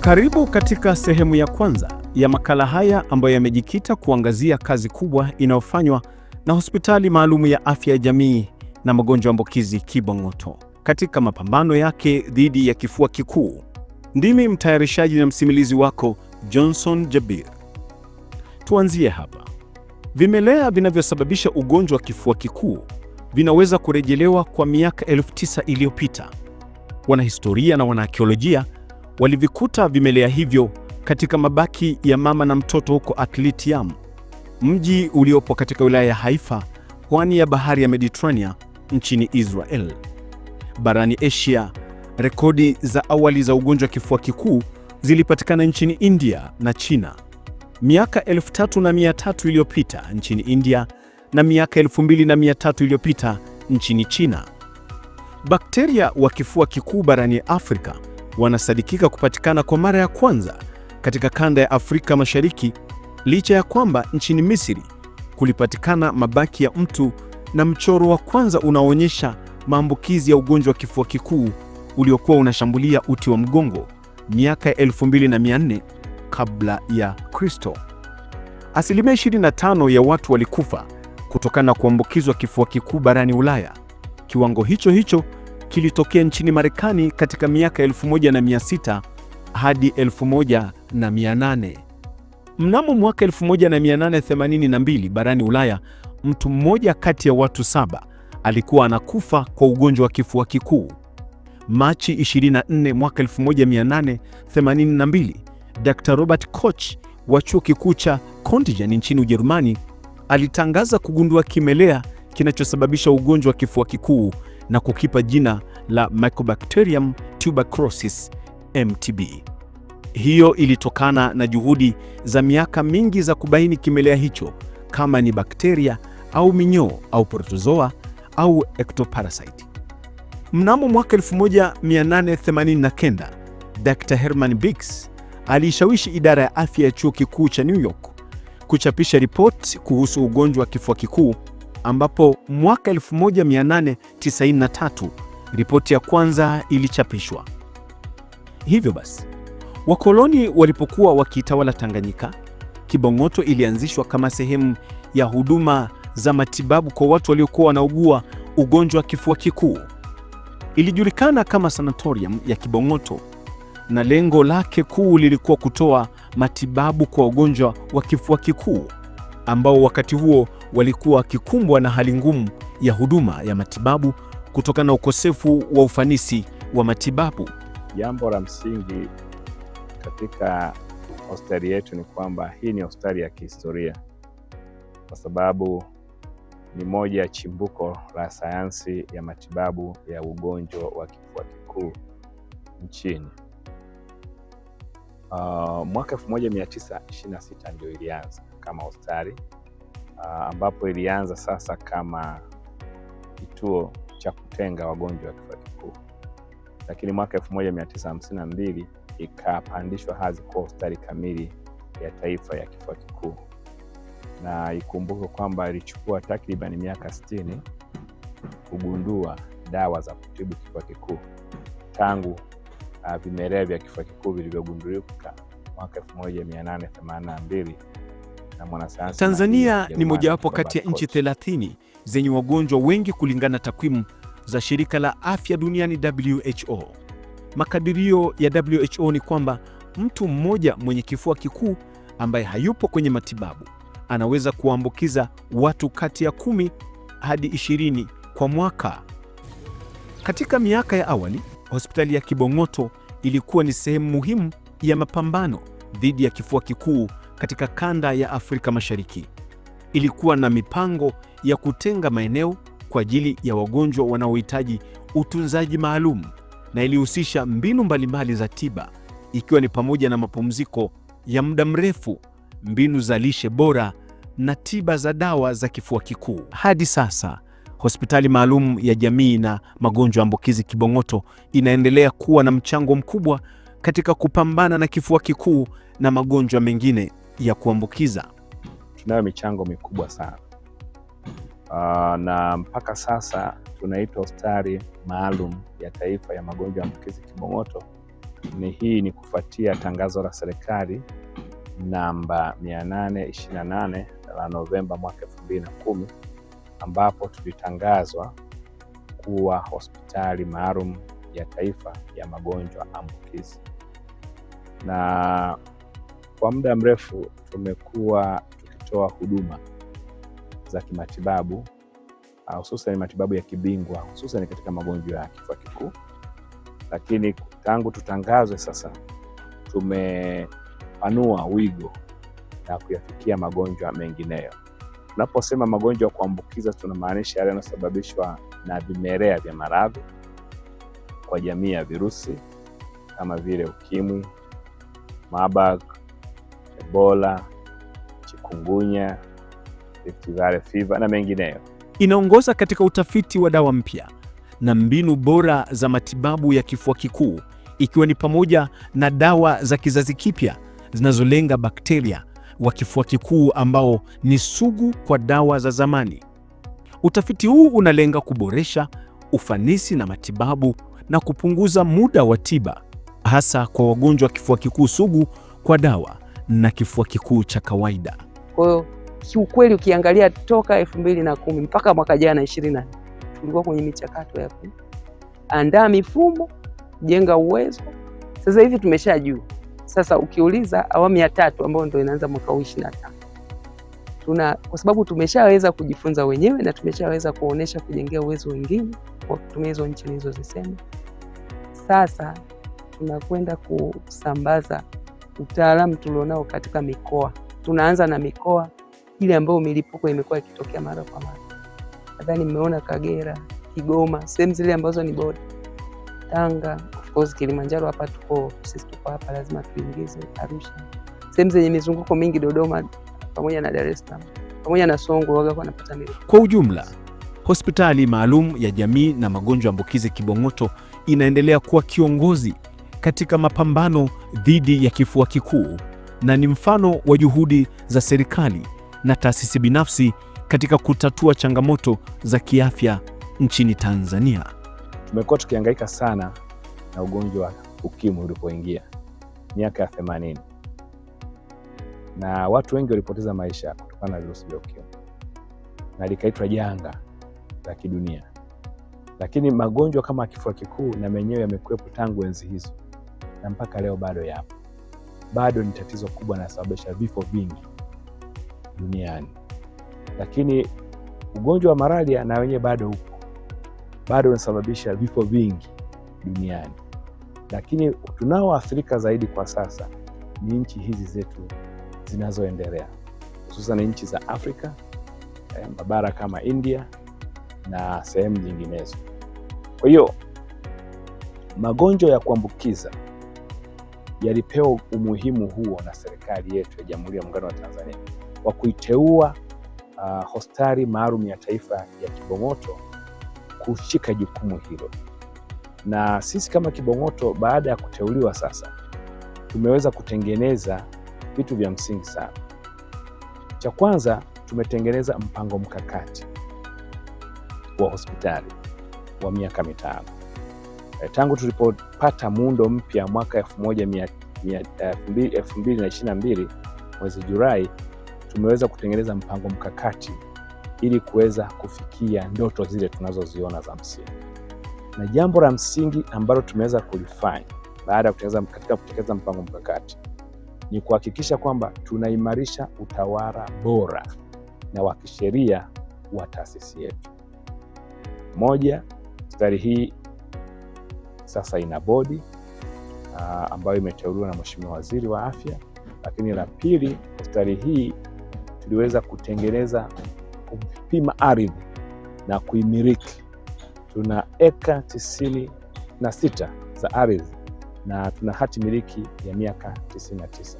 Karibu katika sehemu ya kwanza ya makala haya ambayo yamejikita kuangazia kazi kubwa inayofanywa na hospitali maalumu ya afya ya jamii na magonjwa ambukizi Kibong'oto katika mapambano yake dhidi ya kifua kikuu. Ndimi mtayarishaji na msimulizi wako Johnson Jabir. Tuanzie hapa. Vimelea vinavyosababisha ugonjwa wa kifua kikuu vinaweza kurejelewa kwa miaka elfu tisa iliyopita. Wanahistoria na wanaakiolojia walivikuta vimelea hivyo katika mabaki ya mama na mtoto huko atlitium mji uliopo katika wilaya ya Haifa, pwani ya bahari ya Mediterania nchini Israel. Barani Asia, rekodi za awali za ugonjwa kifua kikuu zilipatikana nchini India na China miaka 3300 iliyopita nchini India na miaka 2300 iliyopita nchini China. Bakteria wa kifua kikuu barani Afrika wanasadikika kupatikana kwa mara ya kwanza katika kanda ya Afrika Mashariki, licha ya kwamba nchini Misri kulipatikana mabaki ya mtu na mchoro wa kwanza unaoonyesha maambukizi ya ugonjwa wa kifua kikuu uliokuwa unashambulia uti wa mgongo miaka ya 2400 kabla ya Kristo. Asilimia 25 ya watu walikufa kutokana na kuambukizwa kifua kikuu barani Ulaya. Kiwango hicho hicho kilitokea nchini Marekani katika miaka 1600 hadi 1800. Mnamo mwaka 1882 barani Ulaya, mtu mmoja kati ya watu saba alikuwa anakufa kwa ugonjwa wa kifua kikuu. Machi 24 mwaka 1882, Dr. Robert Koch wa chuo kikuu cha Kontingen nchini Ujerumani alitangaza kugundua kimelea kinachosababisha ugonjwa wa kifua kikuu na kukipa jina la Mycobacterium tuberculosis MTB. Hiyo ilitokana na juhudi za miaka mingi za kubaini kimelea hicho kama ni bakteria au minyoo au protozoa au ectoparasite. Mnamo mwaka 1889 Dr. Herman Bix aliishawishi idara ya afya ya chuo kikuu cha New York kuchapisha ripoti kuhusu ugonjwa wa kifua kikuu ambapo mwaka 1893 ripoti ya kwanza ilichapishwa. Hivyo basi, wakoloni walipokuwa wakitawala Tanganyika, Kibong'oto ilianzishwa kama sehemu ya huduma za matibabu kwa watu waliokuwa wanaugua ugonjwa wa kifua kikuu. Ilijulikana kama sanatorium ya Kibong'oto na lengo lake kuu lilikuwa kutoa matibabu kwa ugonjwa wa kifua kikuu ambao wakati huo walikuwa wakikumbwa na hali ngumu ya huduma ya matibabu kutokana na ukosefu wa ufanisi wa matibabu. Jambo la msingi katika hospitali yetu ni kwamba hii ni hospitali ya kihistoria kwa sababu ni moja ya chimbuko la sayansi ya matibabu ya ugonjwa wa kifua kikuu nchini. Uh, mwaka 1926 ndio ilianza kama hospitali uh, ambapo ilianza sasa kama kituo cha kutenga wagonjwa wa kifua kikuu, lakini mwaka 1952 ikapandishwa hadhi kuwa hospitali kamili ya taifa ya kifua kikuu, na ikumbuke kwamba ilichukua takriban miaka 60 kugundua dawa za kutibu kifua kikuu tangu ah, vimelea vya kifua kikuu vilivyogundulika mwaka 1882 na mwanasayansi. Tanzania ni mojawapo kati ya nchi 30 zenye wagonjwa wengi kulingana takwimu za shirika la afya duniani WHO. Makadirio ya WHO ni kwamba mtu mmoja mwenye kifua kikuu ambaye hayupo kwenye matibabu anaweza kuwaambukiza watu kati ya kumi hadi ishirini kwa mwaka. Katika miaka ya awali, hospitali ya Kibong'oto ilikuwa ni sehemu muhimu ya mapambano dhidi ya kifua kikuu katika kanda ya Afrika Mashariki. Ilikuwa na mipango ya kutenga maeneo kwa ajili ya wagonjwa wanaohitaji utunzaji maalum na ilihusisha mbinu mbalimbali za tiba ikiwa ni pamoja na mapumziko ya muda mrefu, mbinu za lishe bora na tiba za dawa za kifua kikuu. Hadi sasa hospitali maalum ya jamii na magonjwa ambukizi Kibong'oto inaendelea kuwa na mchango mkubwa katika kupambana na kifua kikuu na magonjwa mengine ya kuambukiza? Tunayo michango mikubwa sana uh, na mpaka sasa tunaitwa hospitali maalum ya taifa ya magonjwa ya ambukizi Kibong'oto. Ni hii ni kufuatia tangazo la serikali namba 828 la Novemba mwaka 2010 ambapo tulitangazwa kuwa hospitali maalum ya taifa ya magonjwa ambukizi na kwa muda mrefu tumekuwa tukitoa huduma za kimatibabu uh, hususan matibabu ya kibingwa hususan katika magonjwa ya kifua kikuu, lakini tangu tutangazwe sasa tumepanua wigo na kuyafikia magonjwa mengineyo. Tunaposema magonjwa ya kuambukiza tunamaanisha yale yanayosababishwa na vimelea vya maradhi kwa jamii ya virusi kama vile ukimwi, Marburg, Ebola, chikungunya, Rift Valley fever na mengineyo. Inaongoza katika utafiti wa dawa mpya na mbinu bora za matibabu ya kifua kikuu ikiwa ni pamoja na dawa za kizazi kipya zinazolenga bakteria wa kifua kikuu ambao ni sugu kwa dawa za zamani. Utafiti huu unalenga kuboresha ufanisi na matibabu na kupunguza muda wa tiba hasa kwa wagonjwa wa kifua kikuu sugu kwa dawa na kifua kikuu cha kawaida. Kwa hiyo kiukweli, ukiangalia toka elfu mbili na kumi mpaka mwaka jana ishirini na nne tulikuwa kwenye michakato ya kuandaa mifumo, jenga uwezo. Sasa hivi tumeshajua. Sasa ukiuliza awamu ya tatu ambayo ndo inaanza mwaka huu ishirini na tano tuna kwa sababu tumeshaweza kujifunza wenyewe na tumeshaweza kuonyesha kujengea uwezo wengine kwa kutumia hizo nchi nilizozisema. Sasa tunakwenda kusambaza utaalamu tulionao katika mikoa. Tunaanza na mikoa ile ambayo milipuko imekuwa ikitokea mara kwa mara. Nadhani mmeona Kagera, Kigoma, sehemu zile ambazo ni bodi, Tanga, of course Kilimanjaro hapa tuko sisi, tuko hapa lazima tuingize Arusha, sehemu zenye mizunguko mingi, Dodoma pamoja na Dar es Salaam pamoja na Songwe waga wanapata milipuko. Kwa ujumla, hospitali maalum ya jamii na magonjwa ambukizi Kibong'oto inaendelea kuwa kiongozi katika mapambano dhidi ya kifua kikuu na ni mfano wa juhudi za serikali na taasisi binafsi katika kutatua changamoto za kiafya nchini Tanzania. Tumekuwa tukihangaika sana na ugonjwa wa UKIMWI ulipoingia miaka ya 80 na watu wengi walipoteza maisha kutokana na virusi vya UKIMWI na likaitwa janga la kidunia, lakini magonjwa kama kifua kikuu na menyewe yamekuwepo tangu enzi hizo na mpaka leo bado yapo, bado ni tatizo kubwa na sababisha vifo vingi duniani. Lakini ugonjwa wa malaria na wenyewe bado upo, bado unasababisha vifo vingi duniani. Lakini tunaoathirika zaidi kwa sasa ni nchi hizi zetu zinazoendelea, hususan nchi za Afrika, eh, mabara kama India na sehemu nyinginezo. Kwa hiyo magonjwa ya kuambukiza yalipewa umuhimu huo na serikali yetu ya Jamhuri ya Muungano wa Tanzania kwa kuiteua uh, Hospitali Maalum ya Taifa ya Kibong'oto kushika jukumu hilo, na sisi kama Kibong'oto baada ya kuteuliwa sasa tumeweza kutengeneza vitu vya msingi sana. Cha kwanza tumetengeneza mpango mkakati wa hospitali wa miaka mitano. Eh, tangu tulipopata muundo mpya mwaka eh, mbili mwezi Julai, tumeweza kutengeneza mpango mkakati ili kuweza kufikia ndoto zile tunazoziona za msingi. Na jambo la msingi ambalo tumeweza kulifanya baada ya katika kutekeleza mpango mkakati ni kuhakikisha kwamba tunaimarisha utawala bora na wa kisheria wa taasisi yetu. Moja, stari hii sasa ina bodi uh, ambayo imeteuliwa na Mheshimiwa Waziri wa Afya. Lakini la pili, hospitali hii tuliweza kutengeneza kupima ardhi na kuimiliki. Tuna eka tisini na sita za ardhi na tuna hati miliki ya miaka 99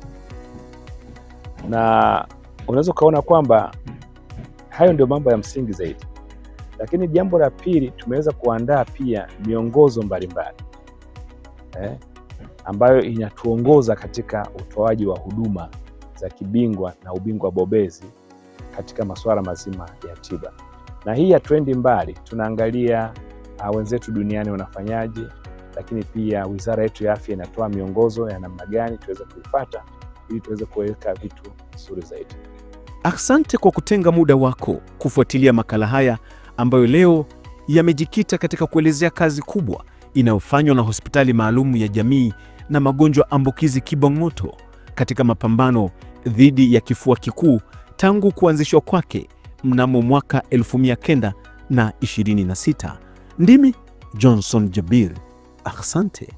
na unaweza ukaona kwamba hayo ndio mambo ya msingi zaidi. Lakini jambo la pili, tumeweza kuandaa pia miongozo mbalimbali eh, ambayo inatuongoza katika utoaji wa huduma za kibingwa na ubingwa bobezi katika masuala mazima ya tiba, na hii hatuendi mbali, tunaangalia uh, wenzetu duniani wanafanyaje, lakini pia wizara yetu ya afya inatoa miongozo ya namna gani tuweze kuipata ili tuweze kuweka vitu vizuri zaidi. Asante kwa kutenga muda wako kufuatilia makala haya ambayo leo yamejikita katika kuelezea kazi kubwa inayofanywa na hospitali maalum ya jamii na magonjwa ambukizi Kibong'oto katika mapambano dhidi ya kifua kikuu tangu kuanzishwa kwake mnamo mwaka 1926. Ndimi Johnson Jabir, asante.